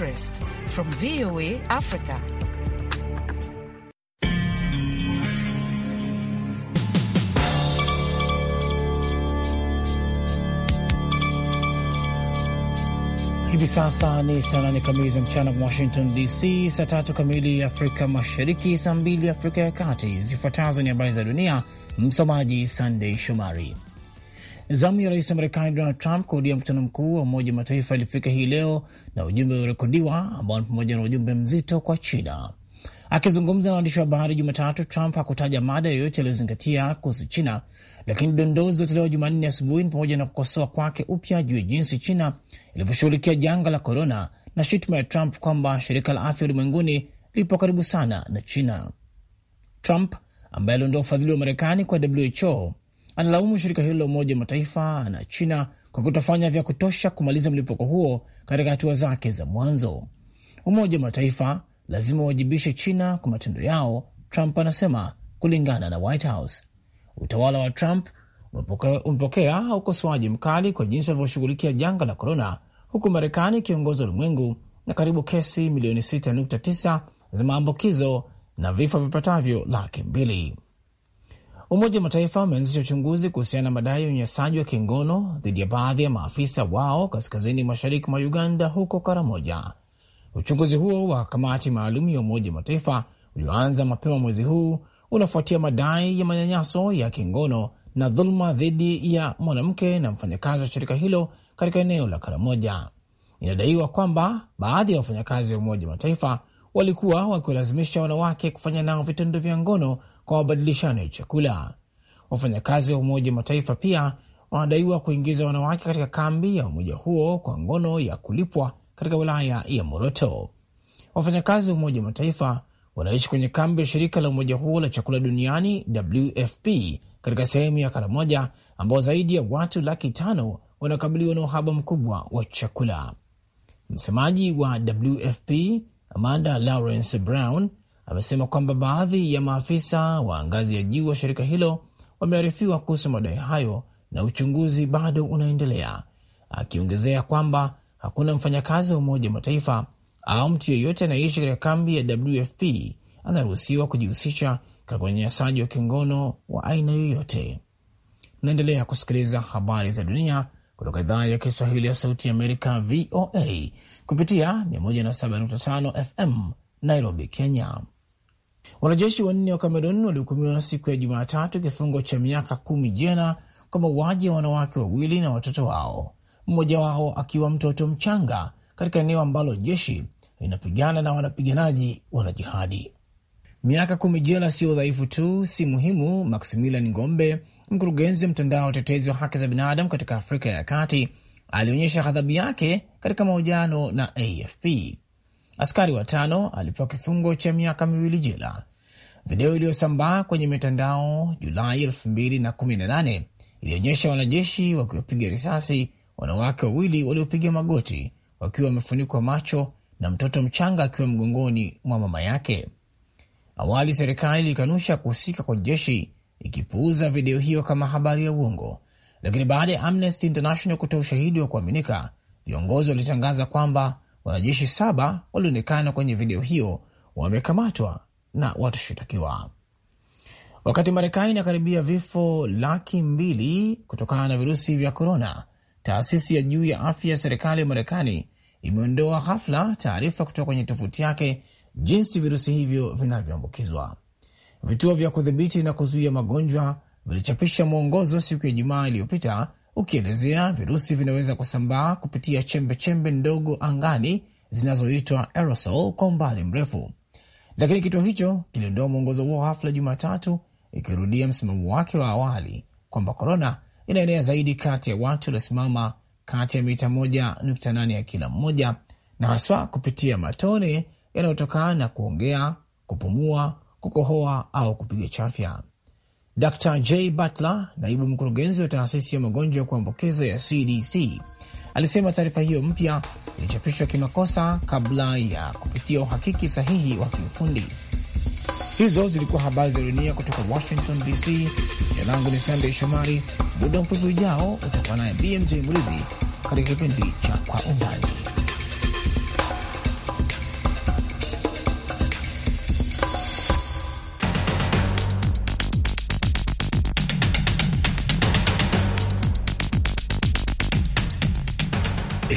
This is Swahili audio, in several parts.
interest from VOA Africa. Hivi sasa ni saa nane kamili za mchana Washington DC, saa tatu kamili Afrika Mashariki, saa mbili Afrika ya Kati. Zifuatazo ni habari za dunia, msomaji Sandei Shomari. Zamu ya rais wa Marekani Donald Trump kuhudia mkutano mkuu wa Umoja wa Mataifa ilifika hii leo na ujumbe uliorekodiwa ambao ni pamoja na ujumbe mzito kwa China. Akizungumza na waandishi wa habari Jumatatu, Trump hakutaja mada yoyote aliyozingatia kuhusu China, lakini dondoo zilizotolewa Jumanne asubuhi ni pamoja na kukosoa kwake upya juu ya jinsi China ilivyoshughulikia janga la korona na shutuma ya Trump kwamba shirika la afya ulimwenguni lipo karibu sana na China. Trump ambaye aliondoa ufadhili wa Marekani kwa WHO analaumu shirika hilo la Umoja Mataifa na China kwa kutofanya vya kutosha kumaliza mlipuko huo katika hatua zake za mwanzo. Umoja wa Mataifa lazima uwajibishe China kwa matendo yao, Trump anasema kulingana na White House. Utawala wa Trump umepokea ukosoaji mkali kwa jinsi walivyoshughulikia janga la korona, huku Marekani ikiongoza ulimwengu na karibu kesi milioni 6.9 za maambukizo na vifo vipatavyo laki mbili. Umoja wa Mataifa umeanzisha uchunguzi kuhusiana na madai ya unyanyasaji wa kingono dhidi ya baadhi ya maafisa wao kaskazini mashariki mwa Uganda, huko Karamoja. Uchunguzi huo wa kamati maalum ya Umoja wa Mataifa ulioanza mapema mwezi huu unafuatia madai ya manyanyaso ya kingono na dhuluma dhidi ya mwanamke na mfanyakazi wa shirika hilo katika eneo la Karamoja. Inadaiwa kwamba baadhi ya wafanyakazi wa Umoja wa Mataifa walikuwa wakiwalazimisha wanawake kufanya nao vitendo vya ngono kwa mabadilishano ya chakula. Wafanyakazi wa Umoja Mataifa pia wanadaiwa kuingiza wanawake katika kambi ya umoja huo kwa ngono ya kulipwa katika wilaya ya Moroto. Wafanyakazi wa Umoja Mataifa wanaishi kwenye kambi ya shirika la umoja huo la chakula duniani WFP katika sehemu ya Karamoja, ambao zaidi ya watu laki tano wanakabiliwa na uhaba mkubwa wa chakula. Msemaji wa WFP Amanda Lawrence Brown amesema kwamba baadhi ya maafisa wa ngazi ya juu wa shirika hilo wamearifiwa kuhusu madai hayo na uchunguzi bado unaendelea, akiongezea kwamba hakuna mfanyakazi wa Umoja wa Mataifa au mtu yeyote anayeishi katika kambi ya WFP anaruhusiwa kujihusisha katika unyanyasaji wa kingono wa aina yoyote. Naendelea kusikiliza habari za dunia kutoka idhaa ya Kiswahili ya Sauti ya Amerika, VOA, kupitia 107.5 FM Nairobi, Kenya. Wanajeshi wanne wa Kamerun walihukumiwa siku ya Jumatatu kifungo cha miaka kumi jela kwa mauaji ya wanawake wawili na watoto wao, mmoja wao akiwa mtoto mchanga katika eneo ambalo jeshi linapigana na wanapiganaji wanajihadi. Miaka kumi jela sio udhaifu tu, si muhimu. Maximilian Ngombe, mkurugenzi wa mtandao wa utetezi wa haki za binadamu katika Afrika ya Kati, alionyesha ghadhabu yake katika mahojiano na AFP. Askari watano alipewa kifungo cha miaka miwili jela. Video iliyosambaa kwenye mitandao Julai 2018 ilionyesha wanajeshi wakiwapiga risasi wanawake wawili waliopiga magoti wakiwa wamefunikwa macho na mtoto mchanga akiwa mgongoni mwa mama yake. Awali serikali ilikanusha kuhusika kwa jeshi, ikipuuza video hiyo kama habari ya uongo, lakini baada ya Amnesty International kutoa ushahidi wa kuaminika, viongozi walitangaza kwamba Wanajeshi saba walionekana kwenye video hiyo wamekamatwa na watashitakiwa. Wakati Marekani inakaribia vifo laki mbili kutokana na virusi vya korona, taasisi ya juu ya afya ya serikali ya Marekani imeondoa ghafla taarifa kutoka kwenye tovuti yake jinsi virusi hivyo vinavyoambukizwa. Vituo vya kudhibiti na kuzuia magonjwa vilichapisha mwongozo siku ya Ijumaa iliyopita ukielezea virusi vinaweza kusambaa kupitia chembe chembe ndogo angani zinazoitwa aerosol kwa umbali mrefu. Lakini kituo hicho kiliondoa mwongozo huo hafla Jumatatu, ikirudia msimamo wake wa awali kwamba korona inaenea zaidi kati ya watu waliosimama kati ya mita 18 ya kila mmoja, na haswa kupitia matone yanayotokana na kuongea, kupumua, kukohoa au kupiga chafya. Dr J Butler, naibu mkurugenzi wa taasisi ya magonjwa ya kuambukiza ya CDC, alisema taarifa hiyo mpya ilichapishwa kimakosa kabla ya kupitia uhakiki sahihi wa kiufundi. Hizo zilikuwa habari za dunia kutoka Washington DC. Jina langu ni Sandey Shomari. Muda mfupi ujao utakuwa naye BMJ Mridhi katika kipindi cha Kwa Undani.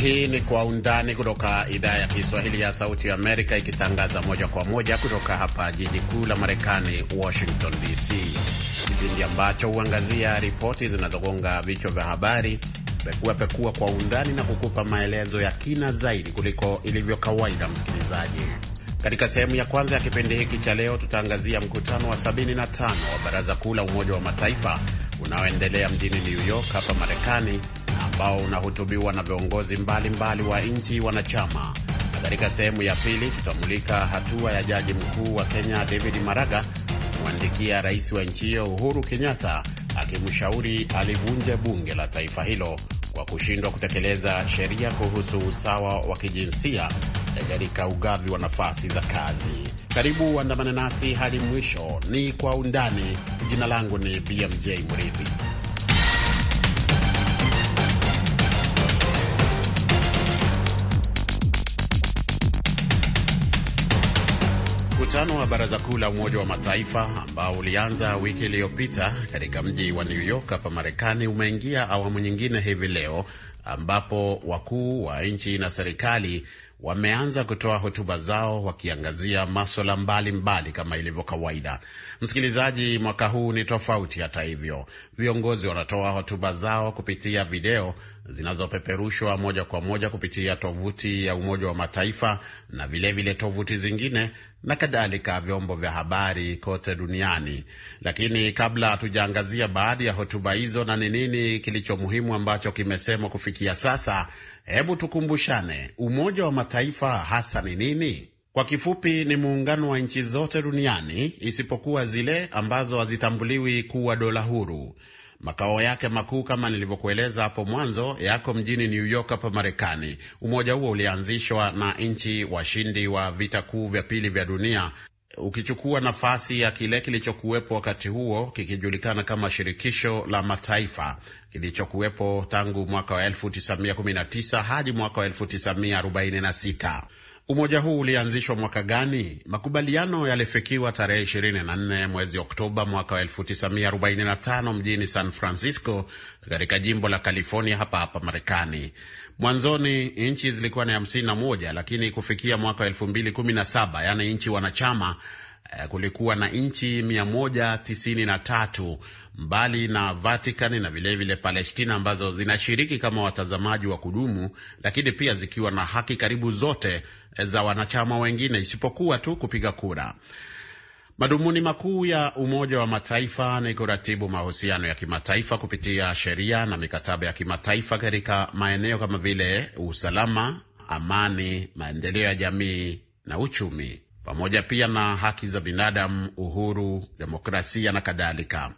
Hii ni Kwa Undani kutoka idhaa ya Kiswahili ya Sauti Amerika, ikitangaza moja kwa moja kutoka hapa jiji kuu la Marekani, Washington DC, kipindi ambacho huangazia ripoti zinazogonga vichwa vya habari, pekua pekua kwa undani na kukupa maelezo ya kina zaidi kuliko ilivyo kawaida. Msikilizaji, katika sehemu ya kwanza ya kipindi hiki cha leo tutaangazia mkutano wa 75 wa Baraza Kuu la Umoja wa Mataifa unaoendelea mjini New York hapa Marekani ambao unahutubiwa na viongozi mbalimbali wa nchi wanachama. Na katika sehemu ya pili tutamulika hatua ya jaji mkuu wa Kenya David Maraga kumwandikia rais wa nchi hiyo Uhuru Kenyatta akimshauri alivunje bunge la taifa hilo kwa kushindwa kutekeleza sheria kuhusu usawa wa kijinsia katika ugavi wa nafasi za kazi. Karibu uandamane nasi hadi mwisho. Ni kwa undani. Jina langu ni BMJ Mridhi. Mkutano wa Baraza Kuu la Umoja wa Mataifa ambao ulianza wiki iliyopita katika mji wa New York hapa Marekani umeingia awamu nyingine hivi leo ambapo wakuu wa nchi na serikali wameanza kutoa hotuba zao wakiangazia maswala mbalimbali kama ilivyo kawaida. Msikilizaji, mwaka huu ni tofauti. Hata hivyo, viongozi wanatoa hotuba zao kupitia video zinazopeperushwa moja kwa moja kupitia tovuti ya Umoja wa Mataifa na vilevile vile tovuti zingine na kadhalika, vyombo vya habari kote duniani. Lakini kabla hatujaangazia baadhi ya hotuba hizo na ni nini kilicho muhimu ambacho kimesemwa kufikia sasa, hebu tukumbushane Umoja wa Mataifa hasa ni nini? Kwa kifupi ni muungano wa nchi zote duniani isipokuwa zile ambazo hazitambuliwi kuwa dola huru. Makao yake makuu kama nilivyokueleza hapo mwanzo yako mjini New York hapa Marekani. Umoja huo ulianzishwa na nchi washindi wa vita kuu vya pili vya dunia, ukichukua nafasi ya kile kilichokuwepo wakati huo kikijulikana kama Shirikisho la Mataifa kilichokuwepo tangu mwaka wa 1919 hadi mwaka wa 1946. Umoja huu ulianzishwa mwaka gani? Makubaliano yalifikiwa tarehe 24 mwezi Oktoba mwaka 1945 mjini San Francisco katika jimbo la California hapa hapa Marekani. Mwanzoni nchi zilikuwa na 51 lakini kufikia mwaka 2017, yaani nchi wanachama Eh, kulikuwa na nchi 193 mbali na Vatican na vilevile vile Palestina ambazo zinashiriki kama watazamaji wa kudumu, lakini pia zikiwa na haki karibu zote eh, za wanachama wengine isipokuwa tu kupiga kura. Madhumuni makuu ya Umoja wa Mataifa ni kuratibu mahusiano ya kimataifa kupitia sheria na mikataba ya kimataifa katika maeneo kama vile usalama, amani, maendeleo ya jamii na uchumi pamoja pia na haki za binadamu, uhuru, demokrasia na kadhalika.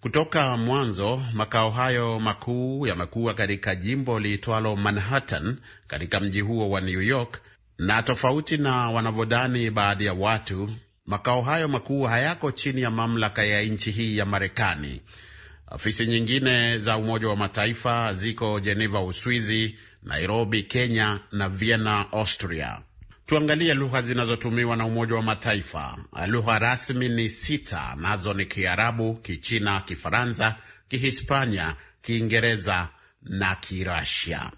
Kutoka mwanzo makao hayo makuu yamekuwa katika jimbo liitwalo Manhattan katika mji huo wa New York, na tofauti na wanavyodhani baadhi ya watu, makao hayo makuu hayako chini ya mamlaka ya nchi hii ya Marekani. Ofisi nyingine za Umoja wa Mataifa ziko Geneva, Uswizi, Nairobi, Kenya na Vienna, Austria. Tuangalie lugha zinazotumiwa na Umoja wa Mataifa. Lugha rasmi ni sita, nazo ni Kiarabu, Kichina, Kifaransa, Kihispania, Kiingereza na Kirasia.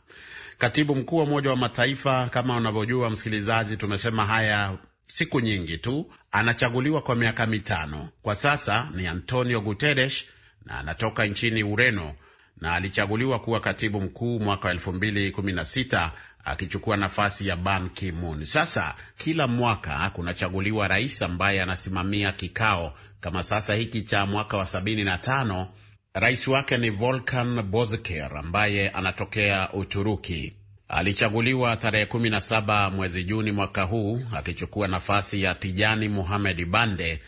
Katibu mkuu wa Umoja wa Mataifa, kama unavyojua msikilizaji, tumesema haya siku nyingi tu, anachaguliwa kwa miaka mitano. Kwa sasa ni Antonio Guterres na anatoka nchini Ureno na alichaguliwa kuwa katibu mkuu mwaka 216 akichukua nafasi ya Ban Ki-moon. Sasa kila mwaka kunachaguliwa rais ambaye anasimamia kikao, kama sasa hiki cha mwaka wa sabini na tano rais wake ni Volkan bosker ambaye anatokea Uturuki. Alichaguliwa tarehe 17 mwezi Juni mwaka huu akichukua nafasi ya Tijani Muhamed Bande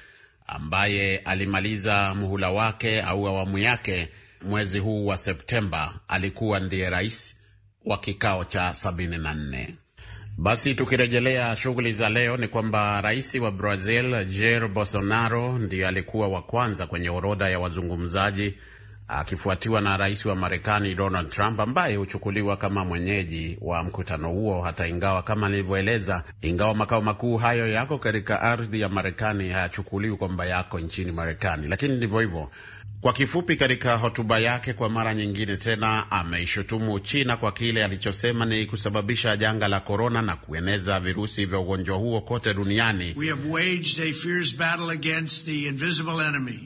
ambaye alimaliza muhula wake au awamu yake mwezi huu wa Septemba. Alikuwa ndiye rais wa kikao cha 74. Basi tukirejelea shughuli za leo ni kwamba rais wa Brazil Jair Bolsonaro ndiye alikuwa wa kwanza kwenye orodha ya wazungumzaji akifuatiwa na rais wa Marekani Donald Trump ambaye huchukuliwa kama mwenyeji wa mkutano huo, hata ingawa kama nilivyoeleza, ingawa makao makuu hayo yako katika ardhi ya Marekani hayachukuliwi kwamba yako nchini Marekani, lakini ndivyo hivyo Kwa kifupi, katika hotuba yake kwa mara nyingine tena ameishutumu China kwa kile alichosema ni kusababisha janga la korona na kueneza virusi vya ugonjwa huo kote duniani. We have waged a fierce battle against the invisible enemy,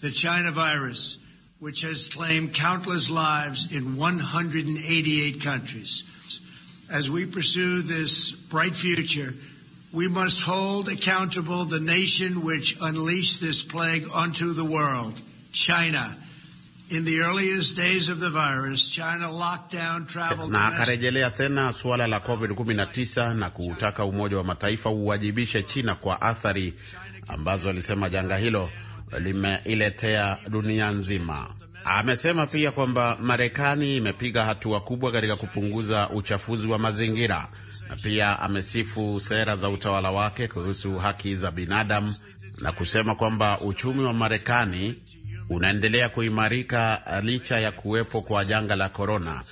the China virus, which has claimed countless lives in 188 countries. As we pursue this bright future, we must hold accountable the nation which unleashed this plague onto the world. Na akarejelea tena suala la COVID-19 na kuutaka Umoja wa Mataifa uwajibishe China kwa athari ambazo alisema janga hilo limeiletea dunia nzima. Amesema pia kwamba Marekani imepiga hatua kubwa katika kupunguza uchafuzi wa mazingira na pia amesifu sera za utawala wake kuhusu haki za binadamu na kusema kwamba uchumi wa Marekani unaendelea kuimarika eh, licha ya kuwepo kwa janga la korona,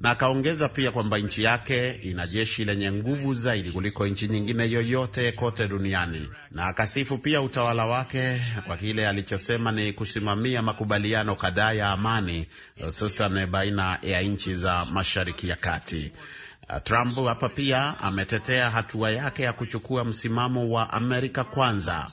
na akaongeza pia kwamba nchi yake ina jeshi lenye nguvu zaidi kuliko nchi nyingine yoyote kote duniani, na akasifu pia utawala wake kwa kile alichosema ni kusimamia makubaliano kadhaa ya amani, hususan baina ya nchi za Mashariki ya Kati. Eh, Trump hapa pia ametetea hatua yake ya kuchukua msimamo wa Amerika kwanza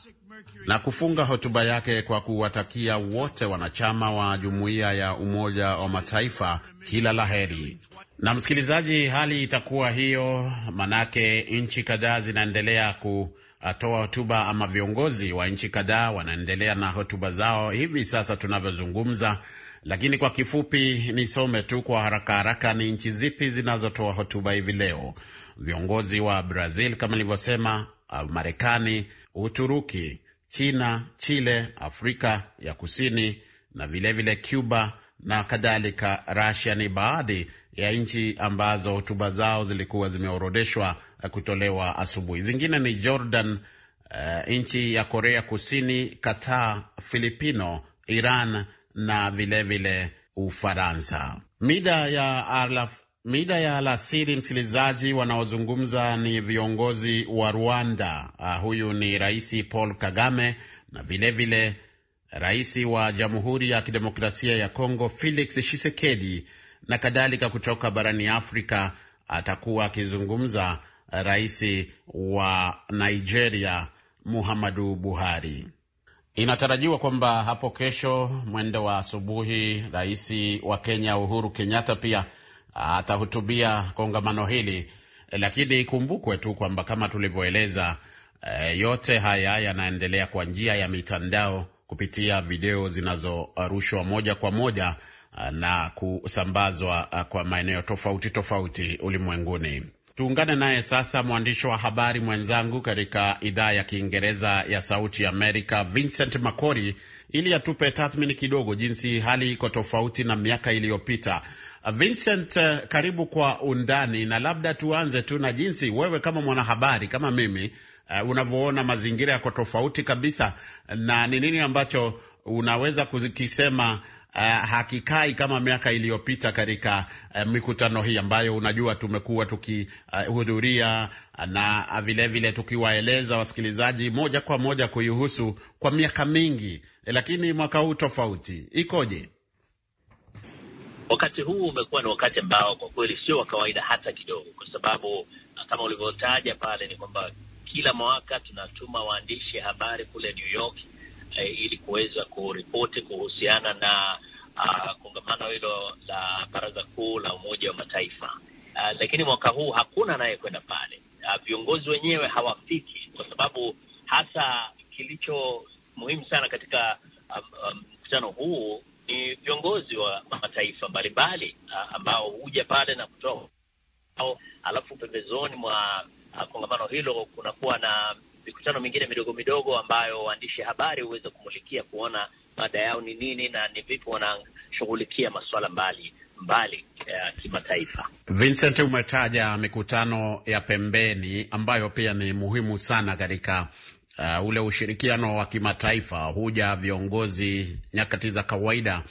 na kufunga hotuba yake kwa kuwatakia wote wanachama wa jumuiya ya Umoja wa Mataifa kila laheri. Na msikilizaji, hali itakuwa hiyo, manake nchi kadhaa zinaendelea kutoa hotuba ama viongozi wa nchi kadhaa wanaendelea na hotuba zao hivi sasa tunavyozungumza. Lakini kwa kifupi nisome tu kwa haraka haraka ni nchi zipi zinazotoa hotuba hivi leo. Viongozi wa Brazil kama nilivyosema, Marekani, Uturuki, China, Chile, Afrika ya Kusini na vilevile vile Cuba na kadhalika. rasia ni baadhi ya nchi ambazo hotuba zao zilikuwa zimeorodeshwa eh, kutolewa asubuhi. Zingine ni Jordan, uh, nchi ya Korea Kusini, Qatar, Filipino, Iran na vilevile vile Ufaransa. Mida ya alaf Mida ya alasiri, msikilizaji, wanaozungumza ni viongozi wa Rwanda. Uh, huyu ni Rais Paul Kagame na vilevile vile rais wa Jamhuri ya Kidemokrasia ya Kongo Felix Tshisekedi na kadhalika. Kutoka barani Afrika atakuwa akizungumza rais wa Nigeria Muhammadu Buhari. Inatarajiwa kwamba hapo kesho mwendo wa asubuhi rais wa Kenya Uhuru Kenyatta pia atahutubia kongamano hili, lakini ikumbukwe tu kwamba kama tulivyoeleza, e, yote haya yanaendelea kwa njia ya mitandao kupitia video zinazorushwa moja kwa moja eh, na kusambazwa eh, kwa maeneo tofauti tofauti ulimwenguni. Tuungane naye sasa mwandishi wa habari mwenzangu katika idhaa ya Kiingereza ya Sauti Amerika, Vincent Makori, ili atupe tathmini kidogo jinsi hali iko tofauti na miaka iliyopita. Vincent, eh, karibu kwa undani, na labda tuanze tu na jinsi wewe kama mwanahabari kama mimi uh, unavyoona mazingira yako tofauti kabisa, na ni nini ambacho unaweza kukisema uh, hakikai kama miaka iliyopita katika uh, mikutano hii ambayo unajua tumekuwa tukihudhuria uh, na vilevile vile tukiwaeleza wasikilizaji moja kwa moja kuihusu kwa miaka mingi, lakini mwaka huu tofauti ikoje? Wakati huu umekuwa ni wakati ambao kwa kweli sio wa kawaida hata kidogo, kwa sababu kama ulivyotaja pale ni kwamba kila mwaka tunatuma waandishi habari kule New York eh, ili kuweza kuripoti kuhusiana na uh, kongamano hilo la Baraza Kuu la Umoja wa Mataifa. Uh, lakini mwaka huu hakuna anayekwenda pale. Uh, viongozi wenyewe hawafiki kwa sababu hasa kilicho muhimu sana katika mkutano um, um, huu mataifa mbalimbali ah, ambao huja pale na kutoa au, alafu pembezoni mwa ah, kongamano hilo kunakuwa na mikutano mingine midogo midogo ambayo waandishi habari huweza kumulikia kuona mada yao ni nini na ni vipi wanashughulikia masuala mbali mbali uh, kimataifa. Vincent, umetaja mikutano ya pembeni ambayo pia ni muhimu sana katika uh, ule ushirikiano wa kimataifa. Huja viongozi nyakati za kawaida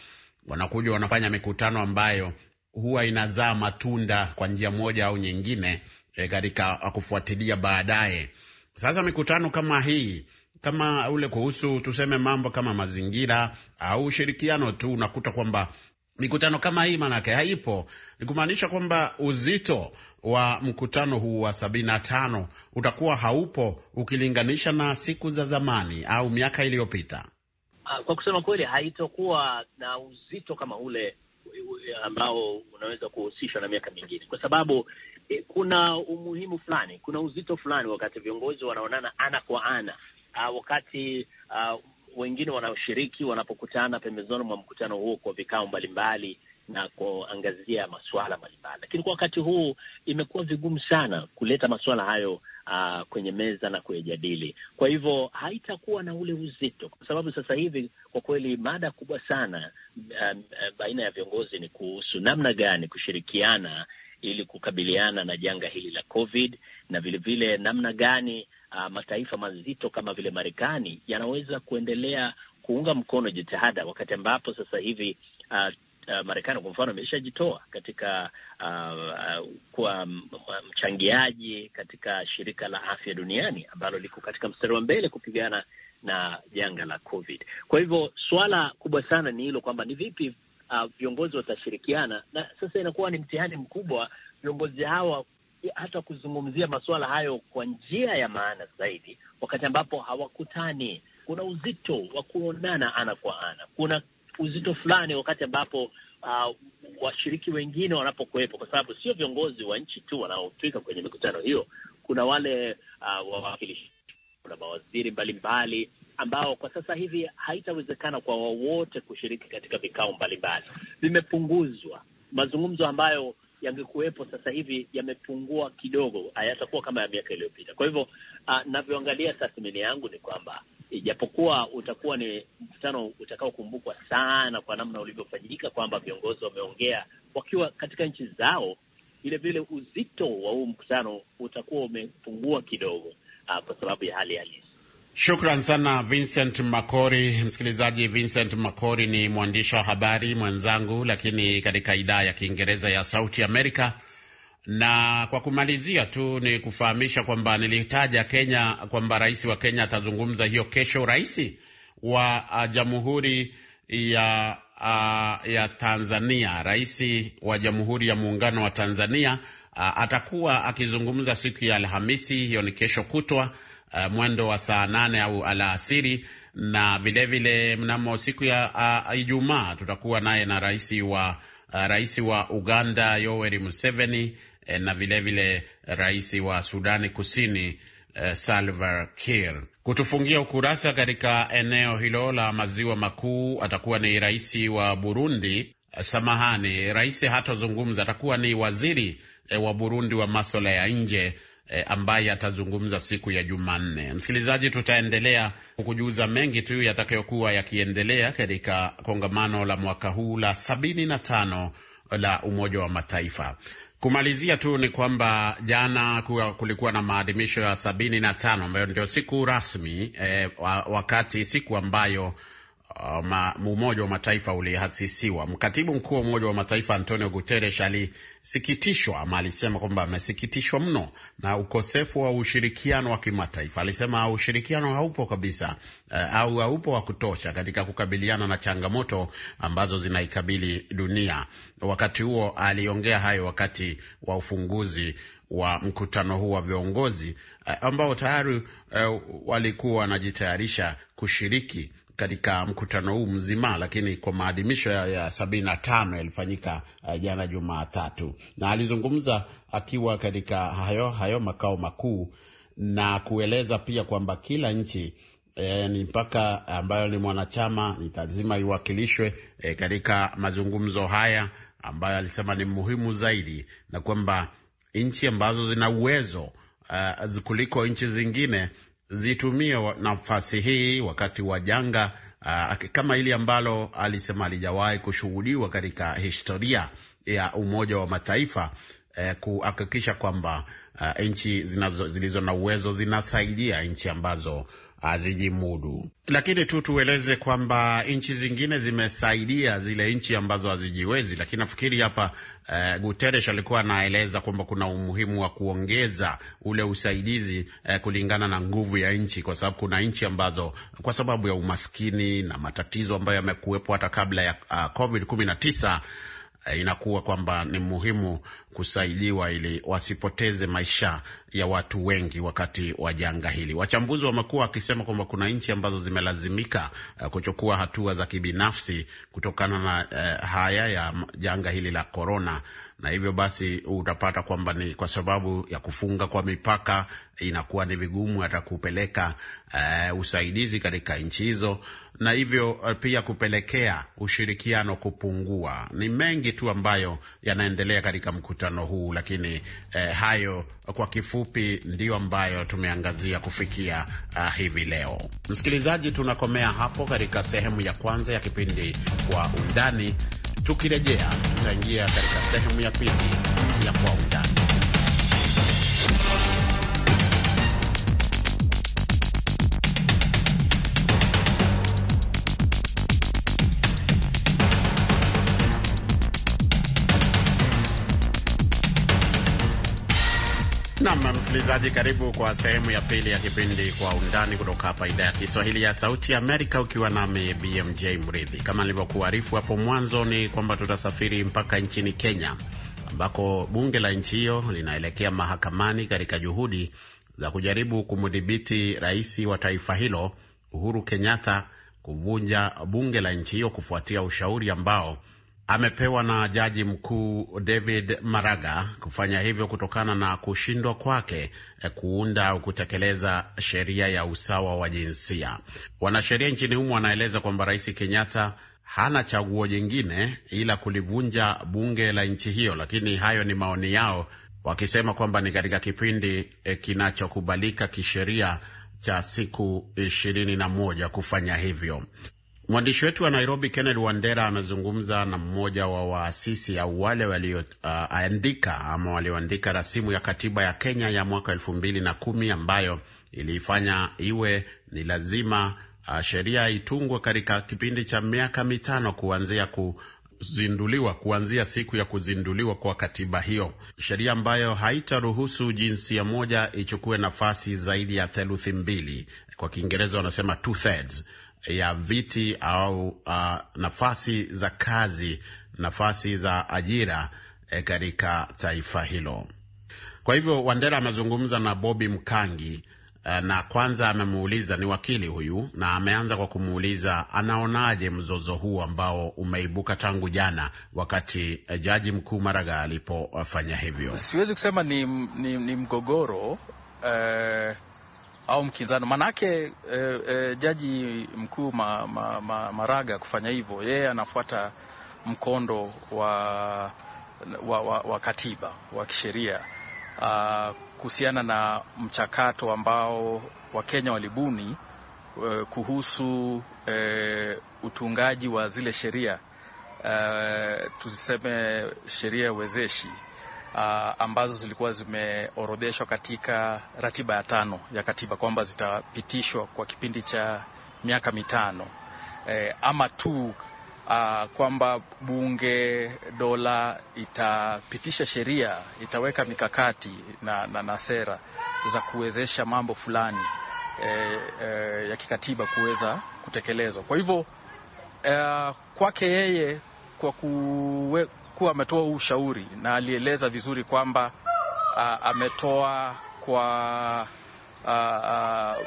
wanakuja wanafanya mikutano ambayo huwa inazaa matunda kwa njia moja au nyingine eh, katika e, kufuatilia baadaye. Sasa mikutano kama hii kama ule kuhusu tuseme mambo kama mazingira au ushirikiano tu, unakuta kwamba mikutano kama hii maanake haipo. Ni kumaanisha kwamba uzito wa mkutano huu wa sabini na tano utakuwa haupo ukilinganisha na siku za zamani au miaka iliyopita. Ah, kwa kusema kweli, haitokuwa na uzito kama ule ambao unaweza kuhusishwa na miaka mingine, kwa sababu e, kuna umuhimu fulani, kuna uzito fulani wakati viongozi wanaonana ana kwa ana, a, ah, wakati a, ah, wengine wanaoshiriki wanapokutana pembezoni mwa mkutano huo kwa vikao mbalimbali mbali na kuangazia masuala mbalimbali, lakini kwa wakati huu imekuwa vigumu sana kuleta masuala hayo uh, kwenye meza na kuyajadili. Kwa hivyo haitakuwa na ule uzito, kwa sababu sasa hivi kwa kweli mada kubwa sana um, uh, baina ya viongozi ni kuhusu namna gani kushirikiana ili kukabiliana na janga hili la COVID na vilevile vile namna gani uh, mataifa mazito kama vile Marekani yanaweza kuendelea kuunga mkono jitihada wakati ambapo sasa hivi uh, uh, Marekani kwa mfano imeshajitoa katika uh, uh, kuwa mchangiaji katika shirika la afya duniani ambalo liko katika mstari wa mbele kupigana na janga la COVID. Kwa hivyo suala kubwa sana ni hilo kwamba ni vipi uh, viongozi watashirikiana, na sasa inakuwa ni mtihani mkubwa viongozi hawa hata kuzungumzia masuala hayo kwa njia ya maana zaidi, wakati ambapo hawakutani. Kuna uzito wa kuonana ana kwa ana, kuna uzito fulani wakati ambapo uh, washiriki wengine wanapokuwepo, kwa sababu sio viongozi wa nchi tu wanaofika kwenye mikutano hiyo. Kuna wale uh, wawakilishi, kuna mawaziri mbalimbali ambao kwa sasa hivi haitawezekana kwa wowote kushiriki katika vikao mbalimbali, vimepunguzwa. Mazungumzo ambayo yangekuwepo sasa hivi yamepungua kidogo, hayatakuwa kama ya miaka iliyopita. Kwa hivyo uh, navyoangalia, tathmini yangu ni kwamba ijapokuwa utakuwa ni mkutano utakaokumbukwa sana kwa namna ulivyofanyika, kwamba viongozi wameongea wakiwa katika nchi zao. Vile vile uzito wa huu mkutano utakuwa umepungua kidogo ah, kwa sababu ya hali halisi. Shukran sana Vincent Makori. Msikilizaji, Vincent Makori ni mwandishi wa habari mwenzangu, lakini katika idhaa ya Kiingereza ya Sauti Amerika na kwa kumalizia tu ni kufahamisha kwamba nilitaja Kenya kwamba rais wa Kenya atazungumza hiyo kesho. Rais wa Jamhuri ya ya Tanzania, rais wa Jamhuri ya Muungano wa Tanzania atakuwa akizungumza siku ya Alhamisi, hiyo ni kesho kutwa, mwendo wa saa nane au alaasiri, na vilevile vile mnamo siku ya Ijumaa tutakuwa naye na rais wa rais wa Uganda Yoweri Museveni eh, na vilevile rais wa Sudani Kusini eh, Salva Kiir. Kutufungia ukurasa katika eneo hilo la maziwa makuu atakuwa ni rais wa Burundi. Eh, samahani, rais hatozungumza atakuwa ni waziri e, wa Burundi wa maswala ya nje E, ambaye atazungumza siku ya Jumanne. Msikilizaji, tutaendelea kukujuza mengi tu yatakayokuwa yakiendelea katika kongamano la mwaka huu la tano la Umoja wa Mataifa. Kumalizia tu ni kwamba jana kulikuwa na maadhimisho ya sabini na tano ambayo ndio siku rasmi eh, wakati siku ambayo Uh, Umoja wa Mataifa ulihasisiwa. Mkatibu mkuu wa Umoja wa Mataifa Antonio Guterres alisikitishwa ama alisema kwamba amesikitishwa mno na ukosefu wa ushirikiano wa kimataifa. Alisema ushirikiano haupo kabisa, uh, au haupo wa kutosha katika kukabiliana na changamoto ambazo zinaikabili dunia. Wakati huo aliongea hayo wakati wa ufunguzi wa mkutano huu wa viongozi uh, ambao tayari uh, walikuwa wanajitayarisha kushiriki katika mkutano huu mzima, lakini kwa maadhimisho ya sabini na tano yalifanyika uh, jana Jumatatu, na alizungumza akiwa katika hayo hayo makao makuu na kueleza pia kwamba kila nchi E, ni mpaka ambayo ni mwanachama ni lazima iwakilishwe e, katika mazungumzo haya ambayo alisema ni muhimu zaidi, na kwamba nchi ambazo zina uwezo uh, kuliko nchi zingine zitumie nafasi hii wakati wa janga uh, kama hili ambalo alisema alijawahi kushuhudiwa katika historia ya Umoja wa Mataifa eh, kuhakikisha kwamba uh, nchi zilizo na uwezo zinasaidia nchi ambazo hazijimudu. Lakini tu tueleze kwamba nchi zingine zimesaidia zile nchi ambazo hazijiwezi, lakini nafikiri hapa eh, Guterres alikuwa anaeleza kwamba kuna umuhimu wa kuongeza ule usaidizi eh, kulingana na nguvu ya nchi, kwa sababu kuna nchi ambazo kwa sababu ya umaskini na matatizo ambayo yamekuwepo hata kabla ya uh, COVID 19 Eh, inakuwa kwamba ni muhimu kusaidiwa ili wasipoteze maisha ya watu wengi wakati wa janga hili. Wachambuzi wamekuwa wakisema kwamba kuna nchi ambazo zimelazimika eh, kuchukua hatua za kibinafsi kutokana na eh, haya ya janga hili la korona, na hivyo basi utapata kwamba ni kwa sababu ya kufunga kwa mipaka inakuwa ni vigumu hata kupeleka eh, usaidizi katika nchi hizo na hivyo eh, pia kupelekea ushirikiano kupungua. Ni mengi tu ambayo yanaendelea katika mkutano huu, lakini eh, hayo kwa kifupi ndiyo ambayo tumeangazia kufikia uh, hivi leo. Msikilizaji, tunakomea hapo katika sehemu ya kwanza ya kipindi Kwa Undani. Tukirejea tutaingia katika sehemu ya pili. Nam msikilizaji, karibu kwa sehemu ya pili ya kipindi Kwa Undani kutoka hapa idhaa ya Kiswahili ya Sauti ya Amerika, ukiwa nami BMJ Mridhi. Kama nilivyokuarifu hapo mwanzo, ni kwamba tutasafiri mpaka nchini Kenya ambako bunge la nchi hiyo linaelekea mahakamani katika juhudi za kujaribu kumdhibiti rais wa taifa hilo Uhuru Kenyatta kuvunja bunge la nchi hiyo kufuatia ushauri ambao amepewa na jaji mkuu David Maraga kufanya hivyo kutokana na kushindwa kwake eh, kuunda au kutekeleza sheria ya usawa wa jinsia. Wanasheria nchini humo wanaeleza kwamba Rais Kenyatta hana chaguo jingine ila kulivunja bunge la nchi hiyo, lakini hayo ni maoni yao, wakisema kwamba ni katika kipindi eh, kinachokubalika kisheria cha siku ishirini na moja kufanya hivyo. Mwandishi wetu wa Nairobi, Kennedy Wandera, amezungumza na mmoja wa waasisi au wale walioandika uh, ama walioandika rasimu ya katiba ya Kenya ya mwaka elfu mbili na kumi ambayo iliifanya iwe ni lazima uh, sheria itungwe katika kipindi cha miaka mitano kuanzia kuzinduliwa, kuanzia siku ya kuzinduliwa kwa katiba hiyo, sheria ambayo haitaruhusu jinsia moja ichukue nafasi zaidi ya theluthi mbili. Kwa Kiingereza wanasema two thirds ya viti au uh, nafasi za kazi, nafasi za ajira e, katika taifa hilo. Kwa hivyo Wandera amezungumza na Bobby Mkangi e, na kwanza amemuuliza, ni wakili huyu, na ameanza kwa kumuuliza anaonaje mzozo huu ambao umeibuka tangu jana wakati eh, jaji mkuu Maraga alipofanya hivyo. Siwezi kusema ni, ni, ni mgogoro eh au mkinzano manake eh, eh, jaji mkuu ma, ma, ma, Maraga kufanya hivyo, yeye anafuata mkondo wa, wa, wa, wa katiba wa kisheria ah, kuhusiana na mchakato ambao Wakenya walibuni e, kuhusu e, utungaji wa zile sheria e, eh, tuseme sheria wezeshi uh, ambazo zilikuwa zimeorodheshwa katika ratiba ya tano ya katiba kwamba zitapitishwa kwa kipindi cha miaka mitano eh, ama tu Uh, kwamba bunge dola itapitisha sheria, itaweka mikakati na, na, na sera za kuwezesha mambo fulani eh, eh, ya kikatiba kuweza kutekelezwa. Kwa hivyo eh, kwake yeye kwa kuwe, kuwa ametoa huu ushauri na alieleza vizuri kwamba uh, ametoa kwa uh, uh,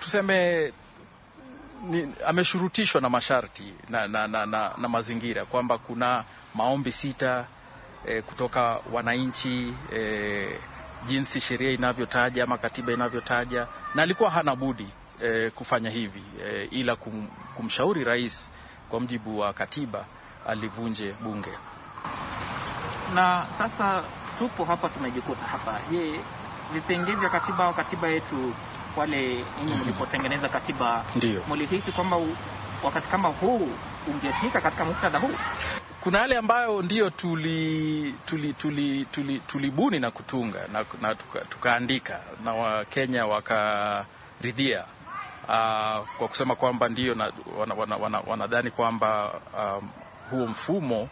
tuseme ni, ameshurutishwa na masharti na, na, na, na, na mazingira kwamba kuna maombi sita eh, kutoka wananchi eh, jinsi sheria inavyotaja ama katiba inavyotaja, na alikuwa hana budi eh, kufanya hivi eh, ila kum, kumshauri rais kwa mujibu wa katiba alivunje bunge. Na sasa tupo hapa tumejikuta hapa. Je, vipengee vya katiba au katiba yetu wale nyinyi mlipotengeneza katiba ndio mlihisi kwamba wakati kama huu ungetika katika muktadha huu? Kuna yale ambayo ndiyo tulibuni tuli, tuli, tuli, tuli na kutunga na, na tukaandika tuka na Wakenya wakaridhia uh, kwa kusema kwamba ndio wanadhani wana, wana, wana kwamba um, huo mfumo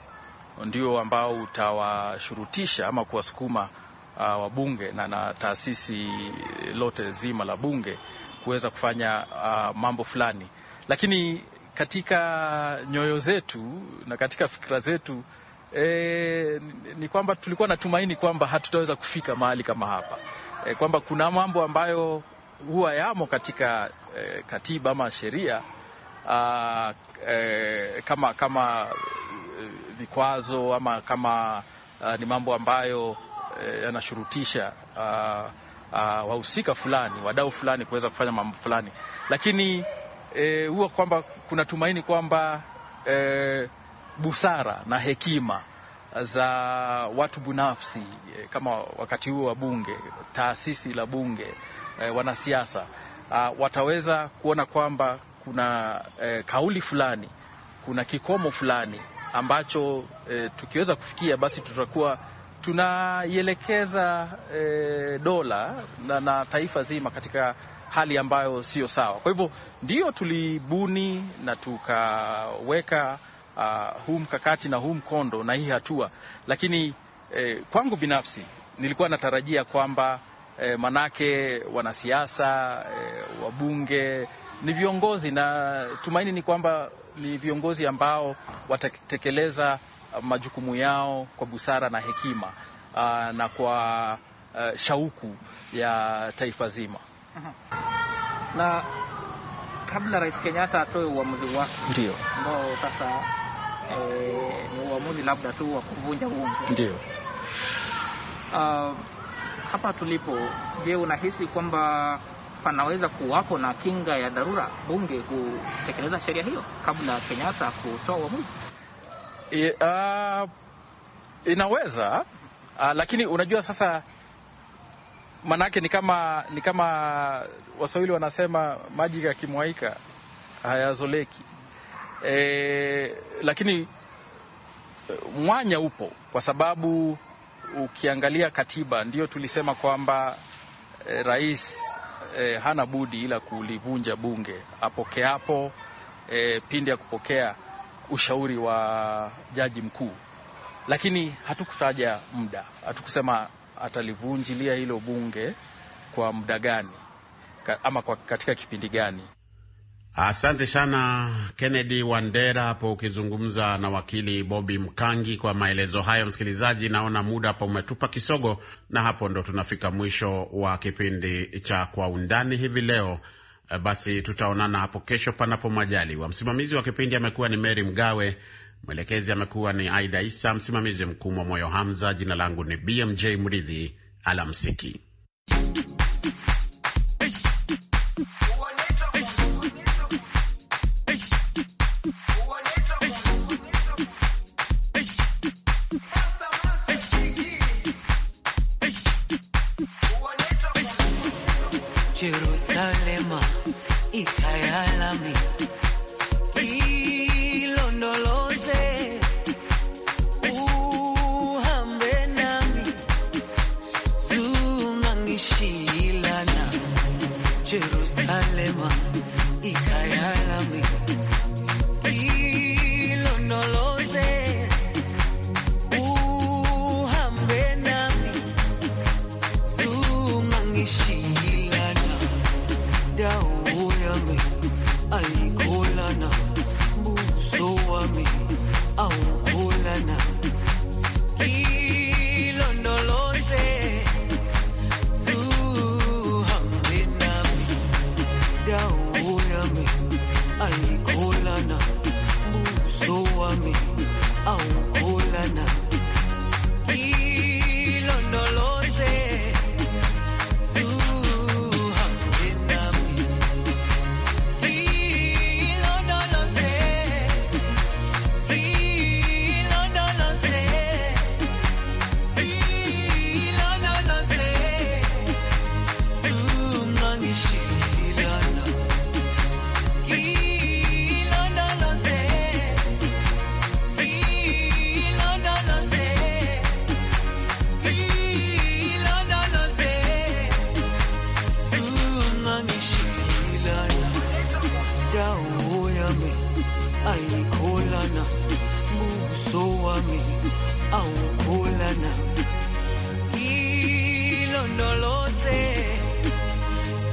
ndio ambao utawashurutisha ama kuwasukuma uh, wabunge na, na taasisi lote zima la bunge kuweza kufanya uh, mambo fulani, lakini katika nyoyo zetu na katika fikra zetu e, ni kwamba tulikuwa na tumaini kwamba hatutaweza kufika mahali kama hapa e, kwamba kuna mambo ambayo huwa yamo katika e, katiba ama sheria uh, eh, kama kama eh, vikwazo uh, ama kama uh, ni mambo ambayo eh, yanashurutisha uh, uh, wahusika fulani, wadau fulani kuweza kufanya mambo fulani, lakini eh, huwa kwamba kuna tumaini kwamba eh, busara na hekima za watu binafsi eh, kama wakati huo wa bunge, taasisi la bunge, eh, wanasiasa wataweza kuona kwamba kuna eh, kauli fulani, kuna kikomo fulani ambacho eh, tukiweza kufikia basi tutakuwa tunaielekeza eh, dola na, na taifa zima katika hali ambayo sio sawa. Kwa hivyo ndio tulibuni na tukaweka uh, huu mkakati na huu mkondo na hii hatua, lakini eh, kwangu binafsi nilikuwa natarajia kwamba eh, manake wanasiasa eh, wabunge ni viongozi na tumaini ni kwamba ni viongozi ambao watatekeleza uh, majukumu yao kwa busara na hekima uh, na kwa uh, shauku ya taifa zima. Na kabla Rais Kenyatta atoe uamuzi wake, ndio ambao sasa eh, ni e, uamuzi labda tu wa kuvunja ungo, ndio uh, hapa tulipo. Je, unahisi kwamba panaweza kuwapo na kinga ya dharura bunge kutekeleza sheria hiyo kabla Kenyatta kutoa uamuzi? Uh, inaweza uh, lakini unajua sasa manake ni kama ni kama Waswahili wanasema maji yakimwaika hayazoleki. E, lakini mwanya upo kwa sababu ukiangalia katiba ndio tulisema kwamba e, rais eh, hana budi ila kulivunja bunge apokeapo eh, pindi ya kupokea ushauri wa jaji mkuu, lakini hatukutaja muda, hatukusema atalivunjilia hilo bunge kwa muda gani ama kwa katika kipindi gani. Asante sana Kennedy Wandera hapo ukizungumza na wakili Bobby Mkangi kwa maelezo hayo. Msikilizaji, naona muda hapo umetupa kisogo, na hapo ndo tunafika mwisho wa kipindi cha Kwa Undani hivi leo. Eh, basi tutaonana hapo kesho, panapo majaliwa. Msimamizi wa kipindi amekuwa ni Mary Mgawe, mwelekezi amekuwa ni Aida Isa, msimamizi mkuu moyo Hamza. Jina langu ni BMJ Mridhi, alamsiki. kwami la.